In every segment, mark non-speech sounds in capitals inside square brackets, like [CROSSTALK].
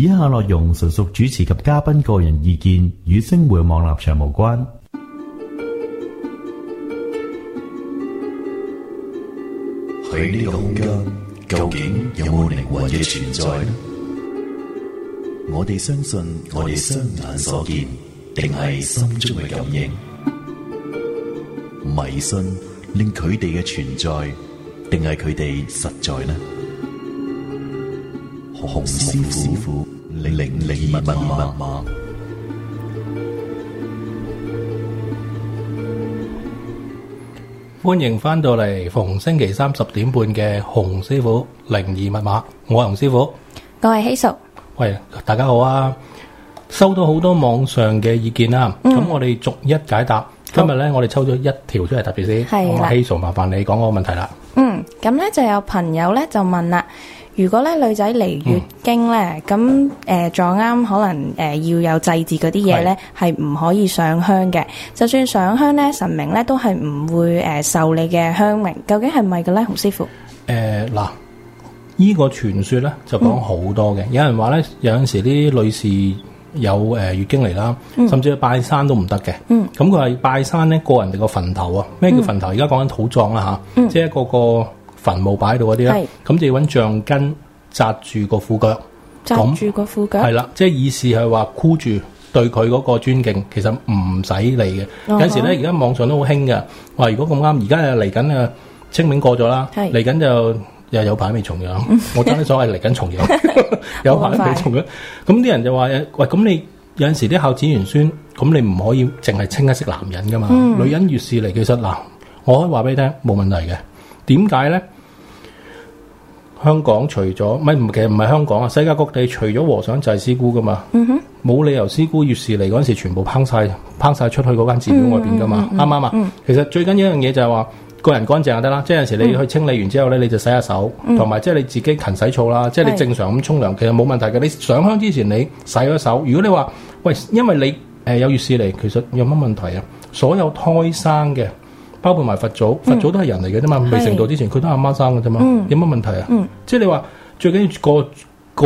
以下內容純屬主持及嘉賓個人意見，與星回網絡立場無關。喺呢個空間，究竟有冇靈魂嘅存在呢？我哋相信我哋雙眼所見，定係心中嘅感應？迷信令佢哋嘅存在，定係佢哋實在呢？洪師傅，你靈密靈密碼密碼，歡迎翻到嚟逢星期三十點半嘅洪師傅靈異密碼，我係洪師傅，我係希叔，喂，大家好啊！收到好多網上嘅意見啦，咁、嗯、我哋逐一解答。嗯、今日咧，嗯、吧我哋抽咗一條出嚟特別先，我希叔麻煩你講嗰個問題啦。嗯，咁咧就有朋友咧就問啦。如果咧女仔嚟月經咧，咁誒撞啱可能誒要有祭祀嗰啲嘢咧，係唔可以上香嘅。是就算上香咧，神明咧都係唔會誒受你嘅香明。究竟係咪嘅咧，洪師傅？誒嗱、呃，依、呢個傳說咧就講好多嘅、嗯。有人話咧，有陣時啲女士有誒月經嚟啦，呃嗯、甚至拜山都唔得嘅。嗯，咁佢係拜山咧過人哋個墳頭啊？咩叫墳頭？而家講緊土葬啦吓，即係一個個。墳墓擺到嗰啲啦，咁就要揾橡筋紮住個褲腳，紮住個褲腳係啦，即係意思係話箍住對佢嗰個尊敬，其實唔使嚟嘅。有陣、嗯、哼時咧，而家網上都好興噶，話如果咁啱，而家又嚟緊啊，清明過咗啦，嚟緊是就又有排未重陽， [LAUGHS] 我講啲所謂嚟緊重陽，有排未重陽。咁啲人就話誒，喂，咁你有陣時啲孝子賢孫，咁你唔可以淨係清一色男人噶嘛？嗯、女人越是嚟，其實嗱，我可以話俾你聽，冇問題嘅。點解咧？香港除咗咪，其實唔係香港啊，世界各地除咗和尚就係師姑噶嘛，冇、嗯、哼理由師姑月事嚟嗰陣時候全部拋晒拋晒出去嗰間寺廟外邊噶嘛，啱唔啱啊？嗯嗯，其實最緊要一樣嘢就係話個人乾淨就得啦，即係有時你去清理完之後咧，你就洗下手，同埋即係你自己勤洗澡啦，即、就、係、是、你正常咁沖涼，是其實冇問題嘅。你上香之前你洗咗手，如果你話喂，因為你誒有月事嚟，其實有乜問題啊？所有胎生嘅。包括埋佛祖，佛祖都係人嚟嘅啫嘛，未成道之前佢都阿媽生嘅啫嘛，有乜問題啊？即係你話最緊要個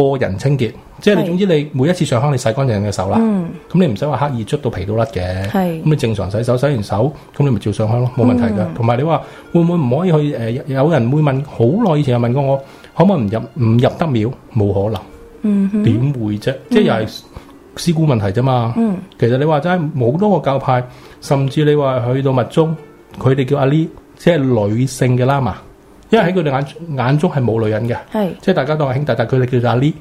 個人清潔，即係你總之你每一次上香你洗乾淨嘅手啦，咁你唔使話刻意捽到皮都甩嘅，咁你正常洗手，洗完手咁你咪照上香咯，冇問題嘅。同埋你話會唔會唔可以去？誒，有人會問，好耐以前有問過我，可唔可以唔入唔入得廟？冇可能，點會啫？即係又係事故問題啫嘛。其實你話齋冇多個教派，甚至你話去到密宗。佢哋叫阿 Lee，即係女性嘅喇嘛，因為喺佢哋眼眼中係冇女人嘅。是即係大家當係兄弟，但係佢哋叫做阿 Lee，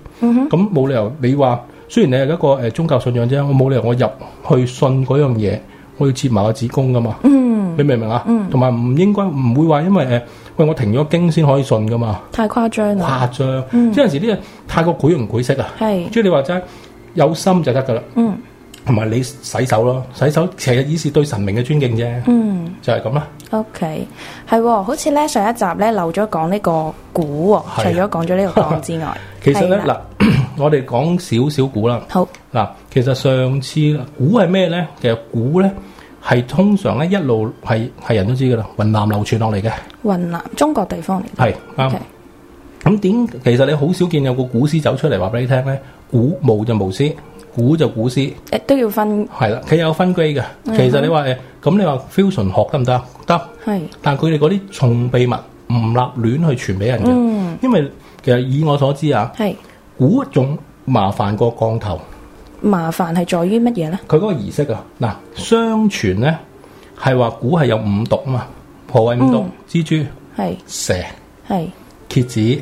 咁冇理由你話，雖然你係一個誒、呃、宗教信仰啫，我冇理由我入去信嗰樣嘢，我要接埋個子宮噶嘛，嗯、你明唔明啊？同埋唔應該唔會話因為誒，餵、呃、我停咗經先可以信噶嘛？太誇張啦！誇張，有陣時呢嘢太過鬼唔鬼式啊，是即係你話齋有心就得噶啦。嗯唔係你洗手咯，洗手其實已是對神明嘅尊敬啫。嗯，就係咁啦。O K，係，好似咧上一集咧漏咗講呢個古，除咗講咗呢個講之外，其實咧嗱，我哋講少少古啦。好嗱，其實上次古係咩咧？其實古咧係通常咧一路係係人都知噶啦，雲南流傳落嚟嘅，雲南中國地方嚟。係，啱，咁點？其實你好少見有個古詩走出嚟話俾你聽咧，古無就無詩。蠱就蠱師，誒都要分。係啦，佢有分 grade 嘅。其實你話誒，咁你話 fusion 學得唔得？得。係。但係佢哋嗰啲重秘密唔立亂去傳俾人嘅，因為其實以我所知啊，係蠱仲麻煩過降頭。麻煩係在於乜嘢咧？佢嗰個儀式啊，嗱，相傳咧係話蠱係有五毒啊嘛，何謂五毒？蜘蛛、蛇、蠍子、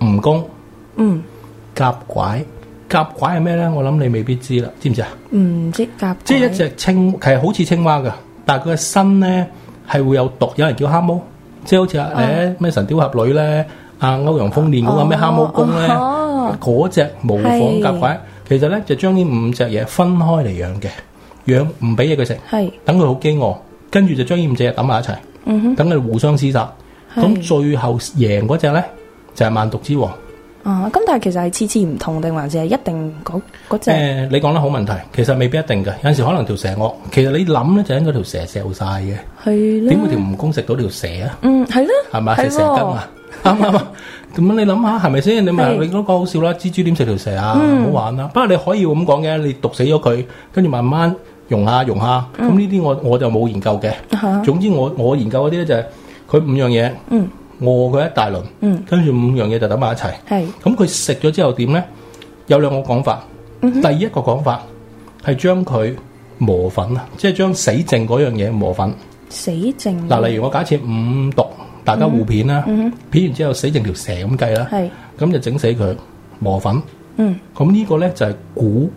蜈蚣、甲拐。甲拐係咩咧？我諗你未必知啦，知唔知啊？唔知甲。即係一隻青，其實好似青蛙噶，但係佢嘅身咧係會有毒，有人叫蝦毛，即係好似誒咩神雕俠侶咧，阿歐陽鋒練嗰個咩蝦、啊、毛功咧，嗰隻、啊、模仿甲拐，是其實咧就將、是、呢五隻嘢分開嚟養嘅，養唔俾嘢佢食，等佢好飢餓，跟住就將呢五隻抌埋一齊，等佢、嗯、哼互相廝殺，咁是最後贏嗰隻咧就係、是、萬毒之王。啊，咁但係其實係次次唔同定還是係一定嗰嗰隻？誒，你講得好問題，其實未必一定嘅，有陣時可能條蛇惡，其實你諗咧就係應該條蛇食好晒嘅，係啦。點會條蜈蚣食到條蛇啊？嗯，係啦，係嘛食蛇羹啊？啱唔啱？咁你諗下係咪先？你咪你都講好笑啦，蜘蛛點食條蛇啊？唔好玩啦。不過你可以咁講嘅，你毒死咗佢，跟住慢慢溶下溶下。咁呢啲我我就冇研究嘅。總之我我研究嗰啲咧就係佢五樣嘢。嗯。餓佢一大輪，跟住五樣嘢就等埋一齊。係咁佢食咗之後點咧？有兩個講法。第一個講法係將佢磨粉啊，即係將死剩嗰樣嘢磨粉。死剩嗱，例如我假設五毒，大家互片啦，片完之後死剩條蛇咁計啦，咁就整死佢磨粉。嗯，咁呢個咧就係古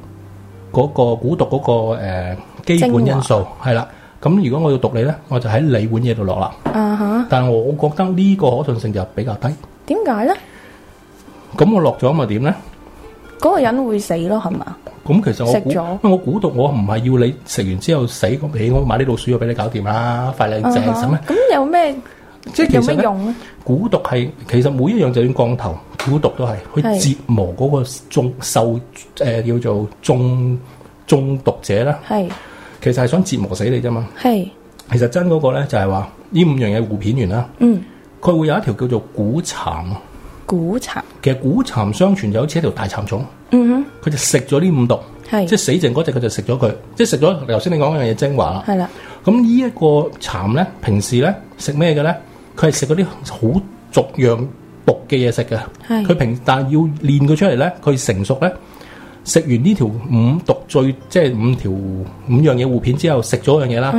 嗰個蠱毒嗰個誒，基本因素係啦。咁如果我要毒你咧，我就喺你碗嘢度落啦。啊哈！但係我覺得呢個可信性就比較低。點解咧？咁我落咗咪點咧？嗰個人會死咯，係嘛？咁其實我食咗，我蠱毒我唔係要你食完之後死，俾我買啲老鼠藥俾你搞掂啦，快靚正啦。咁有咩？即係有咩用咧？蠱毒係其實每一樣就算降頭蠱毒都係去折磨嗰個中受誒，叫做中中毒者啦。係。其實係想折磨死你啫嘛，係是。其實真嗰個咧就係話呢五樣嘢互片完啦，嗯，佢會有一條叫做蠱蟲啊，蠱蟲蠢，其實蠱蟲相傳就好似一條大蠶蟲，嗯哼，佢就食咗呢五毒，係是，即係死淨嗰隻佢就食咗佢，即係食咗頭先你講嗰樣嘢精華啦，係啦。咁呢一個蠱咧，平時咧食咩嘅咧？佢係食嗰啲好逐樣毒嘅嘢食嘅，係是。佢平但係要練佢出嚟咧，佢成熟咧。食完呢條五毒最即係五條五樣嘢護片之後，食咗樣嘢啦，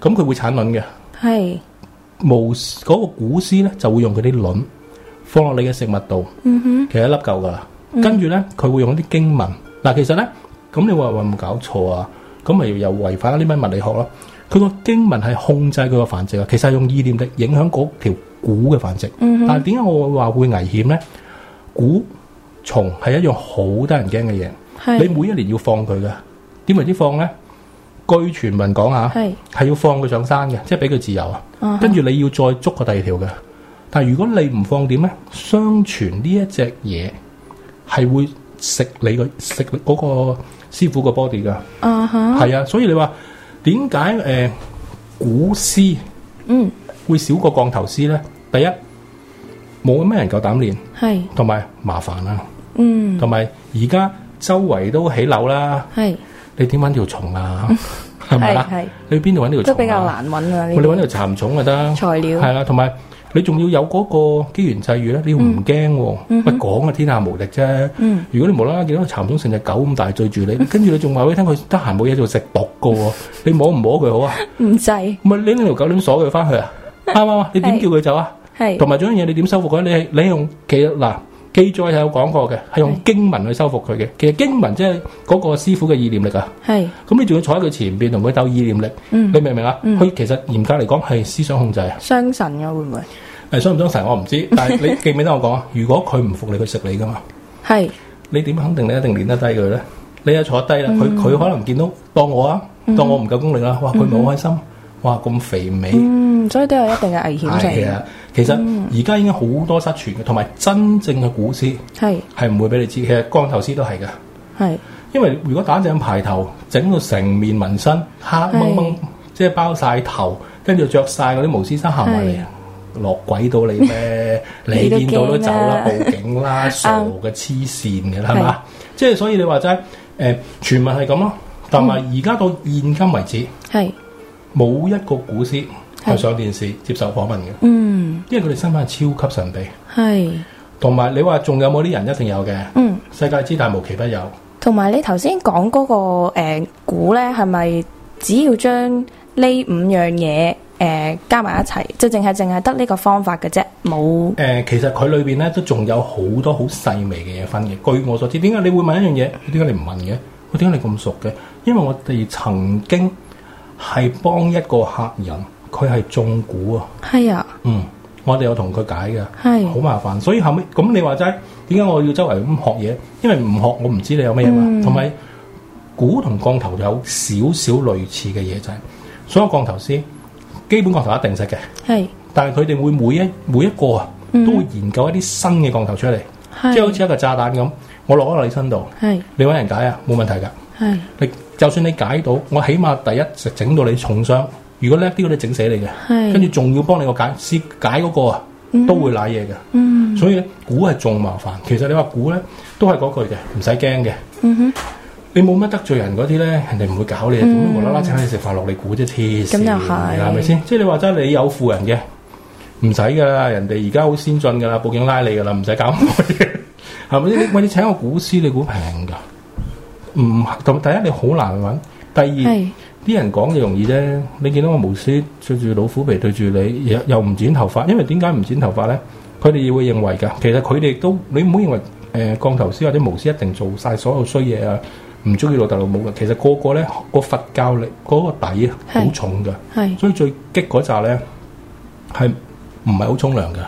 咁佢、uh huh. 會產卵嘅。係 Hey.，巫、那、嗰個蠱師咧就會用佢啲卵放落你嘅食物度，uh huh. 其實一粒夠噶啦。Uh huh. 跟住咧，佢會用啲經文。嗱、啊，其實咧，咁你話話有冇搞錯啊？咁咪又違反咗呢班物理學咯？佢個經文係控制佢個繁殖啊，其實係用意念力影響嗰條蠱嘅繁殖。Uh huh. 但係點解我話會危險咧？蠱蟲係一樣好得人驚嘅嘢。是你每一年要放佢嘅，點為之放咧？據傳聞講吓，係是要放佢上山嘅，即係俾佢自由啊。跟住、uh huh. 你要再捉佢第二條嘅。但係如果你唔放點咧？相傳呢一隻嘢係會食你個食個師傅個 body 噶。啊係、uh huh. 啊，所以你話點解誒蠱師嗯會少過降頭師咧？嗯、第一冇咩人夠膽練，係同埋麻煩啊。嗯，同埋而家。周圍都起樓啦，你點搵條蟲啊？係咪啊？你去邊度搵呢條蟲啊？都比較難搵啊！你搵條蠶蟲就得，材料係啦。同埋你仲要有嗰個機緣際遇咧，你要唔驚？咪講啊，天下無敵啫。如果你無啦啦見到個蠶蟲成隻狗咁大，追住你，跟住你仲話俾佢聽，佢得閒冇嘢做食毒噶喎，你摸唔摸佢好啊？唔制，咪拎條狗鏈鎖佢翻去啊？啱嘛？你點叫佢走啊？係同埋仲樣嘢，你點收復佢？你係你用幾日嗱？記載係有講過嘅，係用經文去修復佢嘅。其實經文即係嗰個師傅嘅意念力啊。係是，咁你仲要坐喺佢前邊同佢鬥意念力。嗯、你明唔明啊？佢、嗯、其實嚴格嚟講係思想控制啊。傷神啊會唔會？誒傷唔傷神我唔知， [LAUGHS] 但係你記唔記得我講啊？如果佢唔服你，佢食你噶嘛。係是。你點肯定你一定練得低佢咧？你一坐低啦，佢佢、嗯、可能見到當我啊，當我唔夠功力啦、啊，哇！佢唔係好開心。嗯哇！咁肥美，嗯，所以都有一定嘅危險性。其實而家已經好多失傳嘅，同埋真正嘅蠱師係係唔會俾你知。其實光頭師都係嘅，係因為如果打正牌頭，整到成面紋身，黑蒙蒙，即係包晒頭，跟住着晒嗰啲毛師生行埋嚟，落鬼到你咩？你見到都走啦，報警啦，傻嘅黐線嘅啦，係嘛？即係所以你話齋，誒，傳聞係咁咯，同埋而家到現今為止，係。冇一個蠱師係上電視接受訪問嘅，嗯，因為佢哋身份係超級神秘，係同埋你話仲有冇啲人一定有嘅，嗯，世界之大無奇不有，同埋你頭先講嗰個、呃、蠱咧，係咪只要將呢五樣嘢誒、呃、加埋一齊，就淨係淨係得呢個方法嘅啫，冇誒、呃，其實佢裏邊咧都仲有好多好細微嘅嘢分嘅。據我所知，點解你會問一樣嘢？點解你唔問嘅？我點解你咁熟嘅？因為我哋曾經。係幫一個客人，佢係中蠱啊！係啊，嗯，我哋有同佢解嘅，係好是麻煩。所以後尾咁，你話齋，點解我要周圍咁學嘢？因為唔學，我唔知你有咩嘛。同埋蠱同降頭有少少類似嘅嘢就係，所有降頭師基本降頭一定識嘅，係是。但係佢哋會每一每一個啊，都會研究一啲新嘅降頭出嚟，嗯、即係好似一個炸彈咁，我落咗落你身度，係是你搵人解啊，冇問題噶，係是你。就算你解到，我起碼第一整到你重傷。如果叻啲，我都整死你嘅。跟住仲要幫你解解、那個解師解嗰個啊，嗯、都會瀨嘢嘅。嗯、所以蠱係仲麻煩。其實你話蠱咧，都係嗰句嘅，唔使驚嘅。嗯、哼你冇乜得罪人嗰啲咧，人哋唔會搞你，點、嗯、會無啦啦請你食飯落嚟蠱啫？黐線，咁又係，係咪先？即係你話齋，你有富人嘅，唔使噶啦。人哋而家好先進噶啦，報警拉你噶啦，唔使搞係咪？喂，你請個蠱師，你估平噶？唔同，第一你好難揾，第二啲是人講嘅容易啫。你見到個巫師著住老虎皮對住你，又唔剪頭髮，因為點解唔剪頭髮咧？佢哋會認為嘅，其實佢哋都，你唔好認為誒，降、呃、頭師或者巫師一定做晒所有衰嘢啊，唔中意老豆老母嘅。其實個個咧，個佛教力嗰、嗰個底好重嘅，所以最激嗰紮咧係唔係好沖涼嘅？是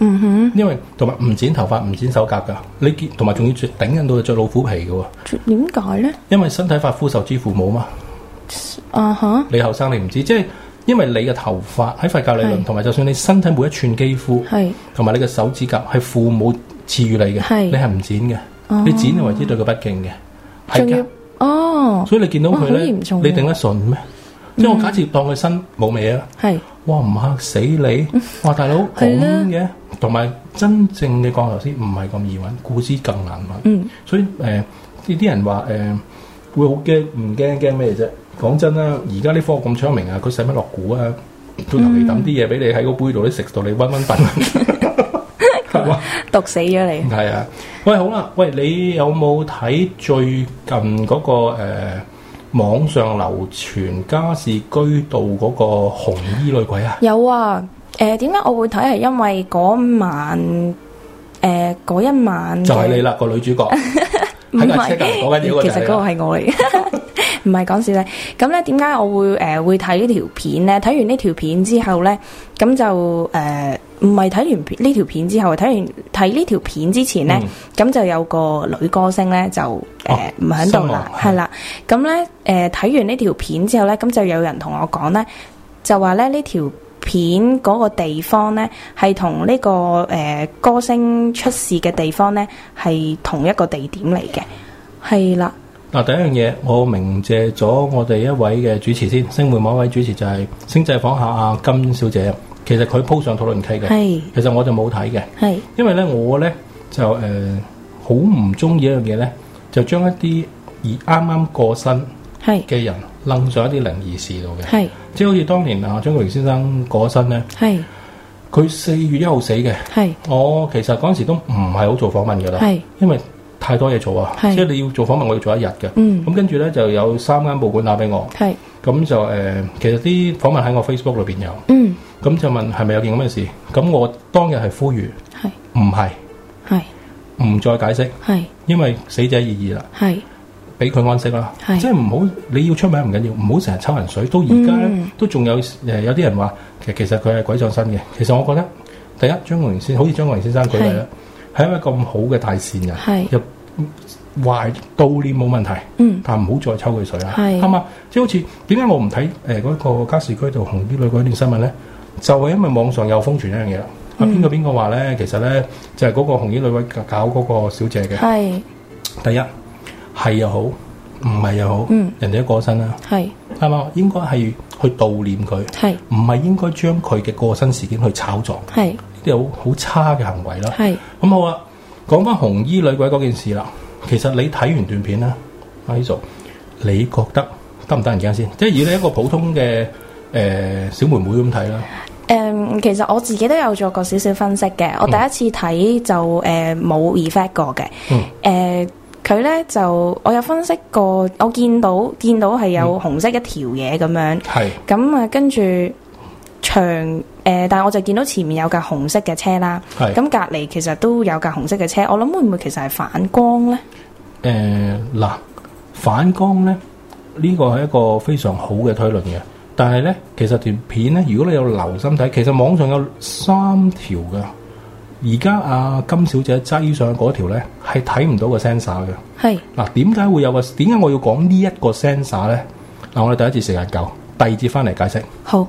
嗯哼，因為同埋唔剪頭髮，唔剪手甲噶，你見同埋仲要着頂緊到佢着老虎皮噶喎。點解咧？因為身體髮膚受之父母嘛。啊哈！你後生你唔知，即係因為你嘅頭髮喺佛教理論，同埋是就算你身體每一寸肌膚，係同埋你嘅手指甲係父母賜予你嘅，是你係唔剪嘅，啊、哈你剪為之對佢不敬嘅。仲要哦，啊、所以你見到佢咧，嚴重你頂得順咩？因為我假設當佢身冇味啊，是哇唔嚇死你！哇大佬咁嘅，同埋的真正嘅降頭師唔係咁易揾，蠱之更難揾。嗯、所以誒，啲、呃、啲人話誒、呃、會好驚，唔驚驚咩啫？講真啦，而家啲科學咁昌明啊，佢使乜落蠱啊？到頭你抌啲嘢俾你喺個杯度，都食到你暈暈瞓瞓，毒死咗你！啊，喂好啦，喂你有冇睇最近嗰、那個、呃網上流傳《加士居道》嗰個紅衣女鬼啊！有啊，誒點解我會睇係因為嗰晚誒嗰、呃、一晚就係你啦個女主角，唔係 [LAUGHS] 是，那其實嗰個係我嚟嘅，唔係講笑咧。 [LAUGHS] 咁咧點解我會誒、呃、會睇呢條片咧？睇完呢條片之後咧，咁就誒。呃唔係睇完呢條片之後，睇完睇呢條片之前呢，咁、嗯、就有個女歌星呢，就誒唔喺度啦，係啦。咁呢，誒睇完呢條片之後呢，咁就有人同我講呢，就話咧呢條片嗰個地方呢，係同呢個誒、呃、歌星出事嘅地方呢，係同一個地點嚟嘅，係啦。嗱第一樣嘢，我鳴謝咗我哋一位嘅主持先，星匯某一位主持就係星際訪客阿金小姐。其實佢鋪上討論區嘅，其實我就冇睇嘅，因為咧我咧就誒好唔中意一樣嘢，咧就將一啲而啱啱過身嘅人楞咗一啲靈異事度嘅，即係好似當年啊張國榮先生過身咧，佢四月一號死嘅，我其實嗰時都唔係好做訪問噶啦，因為太多嘢做啊，即係你要做訪問我要做一日嘅，咁跟住咧就有三間報館打俾我，咁就誒其實啲訪問喺我 Facebook 裏邊有。咁就問係咪有件咁嘅事？咁我當日係呼籲，唔係，唔再解釋，因為死者已矣啦，俾佢安息啦，即係唔好你要出名唔緊要，唔好成日抽人水。到而家咧，都仲有有啲人話其實其實佢係鬼上身嘅。其實我覺得第一張國榮先，好似張國榮先生舉例啦，係一位咁好嘅大善人，又壞悼念冇問題，但唔好再抽佢水啦，係嘛？即好似點解我唔睇嗰個加士居道紅衣女嗰一段新聞咧？就係因為網上又瘋傳一樣嘢啦，啊邊個邊個話咧？其實咧就係、是、嗰個紅衣女鬼搞嗰個小姐嘅。係是第一係又好，唔係又好，嗯、人哋過身啦。係係嘛？應該係去悼念佢，係唔係應該將佢嘅過身事件去炒作？呢啲好好差嘅行為啦。係咁是、嗯、好啊，講翻紅衣女鬼嗰件事啦。其實你睇完段片咧，阿 e a 你覺得得唔得人驚先？即係以你一個普通嘅。誒、呃，小妹妹咁睇啦。誒、嗯，其實我自己都有做過少少分析嘅。我第一次睇就誒冇、呃、effect 過嘅。誒、嗯，佢咧、呃、就我有分析過，我見到見到係有紅色一條嘢咁樣。係咁啊，跟住長誒、呃，但係我就見到前面有架紅色嘅車啦。係咁隔籬，其實都有架紅色嘅車，我諗會唔會其實係反光咧？誒、呃，嗱，反光咧呢個係一個非常好嘅推論嘅。但係咧，其實條片咧，如果你有留心睇，其實網上有三條嘅。而家阿金小姐擠上嗰條咧，係睇唔到個 sensor 嘅。係嗱是，點解、啊、會有個？點解我要講呢一個 sensor 咧？嗱、啊，我哋第一節時間夠，第二節翻嚟解釋。好。